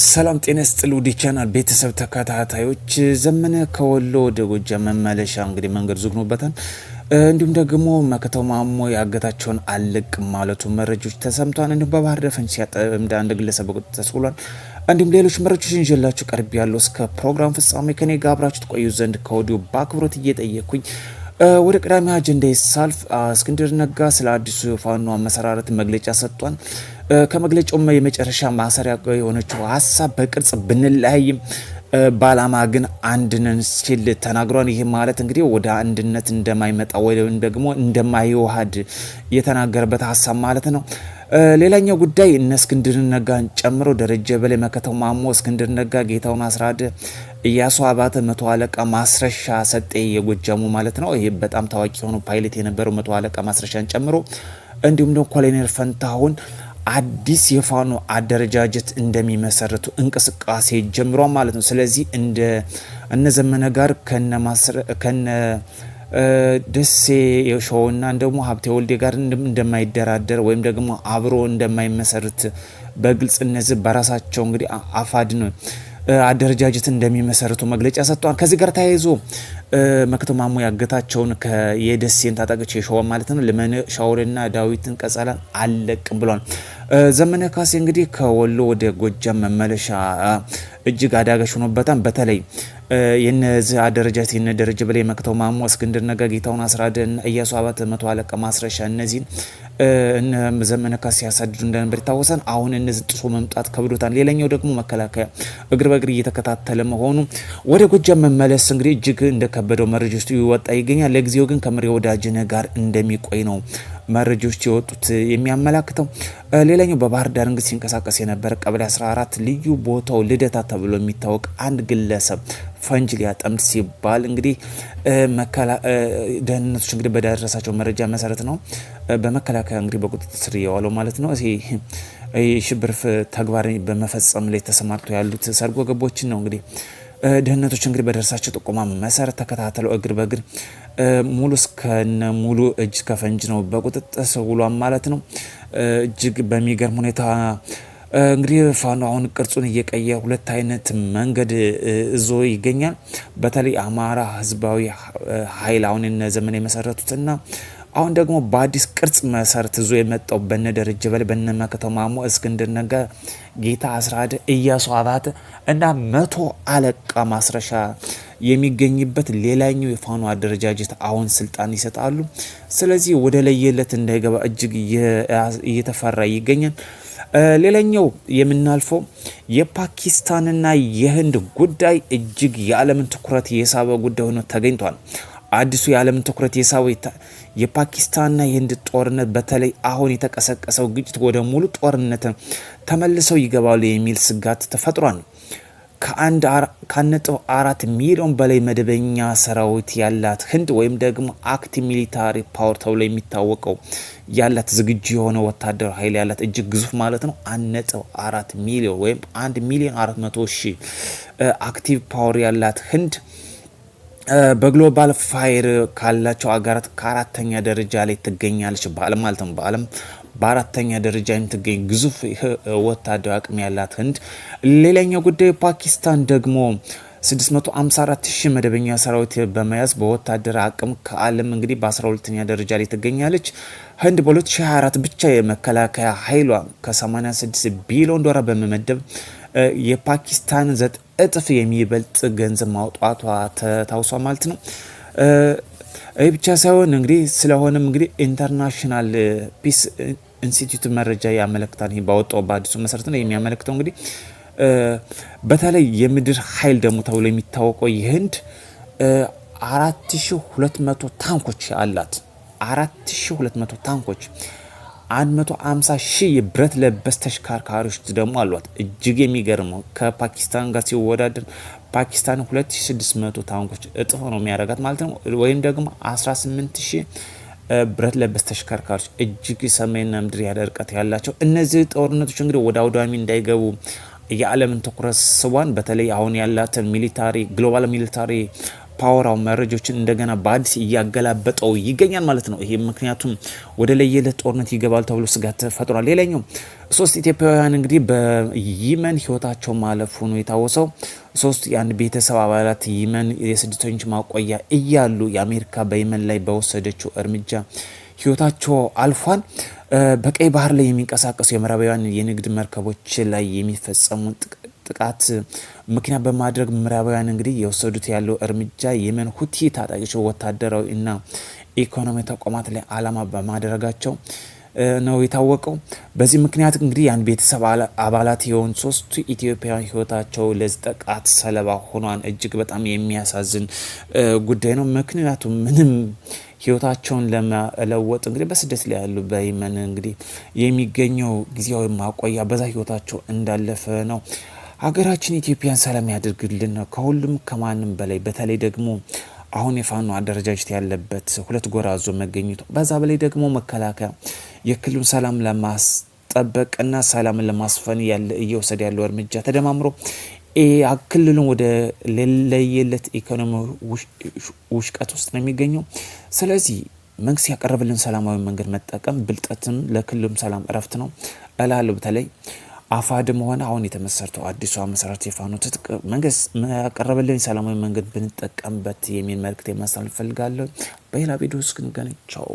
ሰላም ጤና ስጥል ውድ ቻናል ቤተሰብ ተከታታዮች፣ ዘመነ ከወሎ ወደ ጎጃም መመለሻ እንግዲህ መንገድ ዝግኖበታል። እንዲሁም ደግሞ መከታው ማሞ ያገታቸውን አልቅ ማለቱ መረጃዎች ተሰምቷል። እንዲሁም በባህር ዳር ሲያጠምድ አንድ ግለሰብ በቁጥጥር ስር ውሏል። እንዲሁም ሌሎች መረጃዎች ይዤላችሁ ቀርብ ያለው እስከ ፕሮግራም ፍጻሜ ከኔ ጋር አብራችሁ ትቆዩ ዘንድ ከወዲሁ በአክብሮት እየጠየኩኝ ወደ ቀዳሚ አጀንዳ ሳልፍ እስክንድር ነጋ ስለ አዲሱ ፋኖ አመሰራረት መግለጫ ሰጥቷል። ከመግለጫው የመጨረሻ ማሰሪያ የሆነችው ሀሳብ በቅርጽ ብንለያይም በዓላማ ግን አንድነን ሲል ተናግሯል። ይህ ማለት እንግዲህ ወደ አንድነት እንደማይመጣ ወይም ደግሞ እንደማይዋሃድ የተናገረበት ሀሳብ ማለት ነው። ሌላኛው ጉዳይ እነ እስክንድር ነጋን ጨምሮ ደረጀ በላይ፣ መከተው ማሞ፣ እስክንድር ነጋ፣ ጌታውን አስራድ፣ እያሱ አባተ፣ መቶ አለቃ ማስረሻ ሰጤ የጎጃሙ ማለት ነው። ይሄ በጣም ታዋቂ የሆኑ ፓይለት የነበረው መቶ አለቃ ማስረሻን ጨምሮ እንዲሁም ደግሞ ኮሎኔል ፈንታሁን አዲስ የፋኖ አደረጃጀት እንደሚመሰርቱ እንቅስቃሴ ጀምሯ ማለት ነው። ስለዚህ እንደ እነ ዘመነ ጋር ከነ ደሴ የሾውና ደግሞ ሀብቴ ወልዴ ጋር እንደማይደራደር ወይም ደግሞ አብሮ እንደማይመሰርት በግልጽ እነዚህ በራሳቸው እንግዲህ አፋድን አደረጃጀት እንደሚመሰርቱ መግለጫ ሰጥተዋል። ከዚህ ጋር ተያይዞ መክቶ ሙ ያገታቸውን የደሴን ታጣቂዎች የሸዋ ማለት ነው ልመን ሻውሬና ዳዊትን ቀጸላን አለቅም ብሏል። ዘመነ ካሴ እንግዲህ ከወሎ ወደ ጎጃም መመለሻ እጅግ አዳጋች ሆኖበታል። በተለይ የነዚህ አደረጃጀት የነ ደረጀ በላይ፣ መክተው ማሞ፣ እስክንድር ነጋ፣ ጌታውን አስራደ፣ እያሱ አባት መቶ አለቃ ማስረሻ እነዚህን ዘመነ ካሴ ያሳድዱ እንደነበር ይታወሳል። አሁን እነዚህ ጥሶ መምጣት ከብዶታል። ሌላኛው ደግሞ መከላከያ እግር በእግር እየተከታተለ መሆኑ ወደ ጎጃም መመለስ እንግዲህ እጅግ እንደ ከበደው ውስጥ ይወጣ ይገኛል። ለጊዜው ግን ከምሬ ወዳጅነ ጋር እንደሚቆይ ነው መረጃዎች የወጡት የሚያመላክተው። ሌላኛው በባህር ዳር እንግዲህ ሲንቀሳቀስ የነበረ ቀበሌ 14 ልዩ ቦታው ልደታ ተብሎ የሚታወቅ አንድ ግለሰብ ፈንጅ ሊያጠምድ ሲባል እንግዲህ ደህንነቶች እንግዲህ በደረሳቸው መረጃ መሰረት ነው በመከላከያ እንግዲህ በቁጥጥር ስር የዋለው ማለት ነው። የሽብር ተግባር በመፈጸም ላይ ተሰማርተው ያሉት ሰርጎ ገቦችን ነው እንግዲህ ደህንነቶች እንግዲህ በደረሳቸው ጥቆማ መሰረት ተከታተለው እግር በእግር ሙሉ እስከነ ሙሉ እጅ ከፈንጅ ነው በቁጥጥር ስር ማለት ነው። እጅግ በሚገርም ሁኔታ እንግዲህ ፋኖ አሁን ቅርጹን እየቀየ ሁለት አይነት መንገድ እዞ ይገኛል። በተለይ አማራ ህዝባዊ ኃይል አሁን ዘመን የመሰረቱትና አሁን ደግሞ በአዲስ ቅርጽ መሰረት ይዞ የመጣው በነ ደረጀ በል በነ መከታው ማሞ፣ እስክንድር ነጋ፣ ጌታ አስራደ፣ እያሱ አባተ እና መቶ አለቃ ማስረሻ የሚገኝበት ሌላኛው የፋኖ አደረጃጀት አሁን ስልጣን ይሰጣሉ። ስለዚህ ወደ ለየለት እንዳይገባ እጅግ እየተፈራ ይገኛል። ሌላኛው የምናልፈው የፓኪስታንና የህንድ ጉዳይ እጅግ የዓለምን ትኩረት የሳበ ጉዳይ ሆኖ ተገኝቷል። አዲሱ የዓለም ትኩረት የሳበው የፓኪስታንና የህንድ ጦርነት በተለይ አሁን የተቀሰቀሰው ግጭት ወደ ሙሉ ጦርነት ተመልሰው ይገባሉ የሚል ስጋት ተፈጥሯል። ከነጥብ አራት ሚሊዮን በላይ መደበኛ ሰራዊት ያላት ህንድ ወይም ደግሞ አክት ሚሊታሪ ፓወር ተብሎ የሚታወቀው ያላት ዝግጁ የሆነ ወታደር ኃይል ያላት እጅግ ግዙፍ ማለት ነው። አንድ ነጥብ አራት ሚሊዮን ወይም አንድ ሚሊዮን አራት መቶ ሺህ አክቲቭ ፓወር ያላት ህንድ በግሎባል ፋይር ካላቸው አገራት ከአራተኛ ደረጃ ላይ ትገኛለች። በዓለም ማለት ነው። በዓለም በአራተኛ ደረጃ የምትገኝ ግዙፍ ወታደራዊ አቅም ያላት ህንድ። ሌላኛው ጉዳይ ፓኪስታን ደግሞ 654 መደበኛ ሰራዊት በመያዝ በወታደር አቅም ከዓለም እንግዲህ በ12ኛ ደረጃ ላይ ትገኛለች። ህንድ በ2024 ብቻ የመከላከያ ኃይሏ ከ86 ቢሊዮን ዶላር በመመደብ የፓኪስታን ዘጠኝ እጥፍ የሚበልጥ ገንዘብ ማውጣቷ ተታውሷ ማለት ነው። ይህ ብቻ ሳይሆን እንግዲህ ስለሆነም እንግዲህ ኢንተርናሽናል ፒስ ኢንስቲትዩት መረጃ ያመለክታል። ባወጣው በአዲሱ መሰረት ነው የሚያመለክተው። እንግዲህ በተለይ የምድር ኃይል ደግሞ ተብሎ የሚታወቀው የህንድ 4200 ታንኮች አላት። 4200 ታንኮች 150 ሺህ የብረት ለበስ ተሽከርካሪዎች ደግሞ አሏት። እጅግ የሚገርመው ከፓኪስታን ጋር ሲወዳደር ፓኪስታን 2600 ታንኮች እጥፎ ነው የሚያደርጋት ማለት ነው። ወይም ደግሞ 18 ሺህ ብረት ለበስ ተሽከርካሪዎች እጅግ ሰማይና ምድር ያደርቀት ያላቸው እነዚህ ጦርነቶች እንግዲህ ወደ አውዳሚ እንዳይገቡ የዓለምን ትኩረት ስቧን በተለይ አሁን ያላትን ሚሊታሪ ግሎባል ሚሊታሪ ፓወራው መረጃዎችን እንደገና በአዲስ እያገላበጠው ይገኛል ማለት ነው። ይሄ ምክንያቱም ወደ ለየለት ጦርነት ይገባል ተብሎ ስጋት ተፈጥሯል። ሌላኛው ሶስት ኢትዮጵያውያን እንግዲህ በይመን ህይወታቸው ማለፍ ሆኖ የታወሰው። ሶስት የአንድ ቤተሰብ አባላት ይመን የስደተኞች ማቆያ እያሉ የአሜሪካ በይመን ላይ በወሰደችው እርምጃ ህይወታቸው አልፏል። በቀይ ባህር ላይ የሚንቀሳቀሱ የምዕራባውያን የንግድ መርከቦች ላይ የሚፈጸሙ ጥቃት ምክንያት በማድረግ ምዕራባውያን እንግዲህ የወሰዱት ያለው እርምጃ የመን ሁቲ ታጣቂዎች ወታደራዊ እና ኢኮኖሚ ተቋማት ላይ አላማ በማድረጋቸው ነው የታወቀው። በዚህ ምክንያት እንግዲህ ያን ቤተሰብ አባላት የሆኑ ሶስቱ ኢትዮጵያውያን ህይወታቸው ለዚህ ጥቃት ሰለባ ሆኗን እጅግ በጣም የሚያሳዝን ጉዳይ ነው። ምክንያቱም ምንም ህይወታቸውን ለመለወጥ እንግዲህ በስደት ላይ ያሉ በየመን እንግዲህ የሚገኘው ጊዜያዊ ማቆያ በዛ ህይወታቸው እንዳለፈ ነው ሀገራችን ኢትዮጵያን ሰላም ያድርግልን። ከሁሉም ከማንም በላይ በተለይ ደግሞ አሁን የፋኖ አደረጃጀት ያለበት ሁለት ጎራ ዞ መገኘቱ በዛ በላይ ደግሞ መከላከያ የክልሉን ሰላም ለማስጠበቅና ሰላምን ለማስፈን ያለ እየወሰደ ያለው እርምጃ ተደማምሮ ክልሉን ወደ ለየለት ኢኮኖሚ ውሽቀት ውስጥ ነው የሚገኘው። ስለዚህ መንግስት ያቀረበልን ሰላማዊ መንገድ መጠቀም ብልጠትም ለክልሉም ሰላም እረፍት ነው እላለሁ በተለይ አፋሕድም ሆነ አሁን የተመሰረተው አዲሷ መሰረት የፋኖ ትጥቅ መንግስት ያቀረበልን ሰላማዊ መንገድ ብንጠቀምበት የሚል መልእክት ማስተላለፍ እፈልጋለሁ። በሌላ ቪዲዮ እስክንገናኝ ቻው።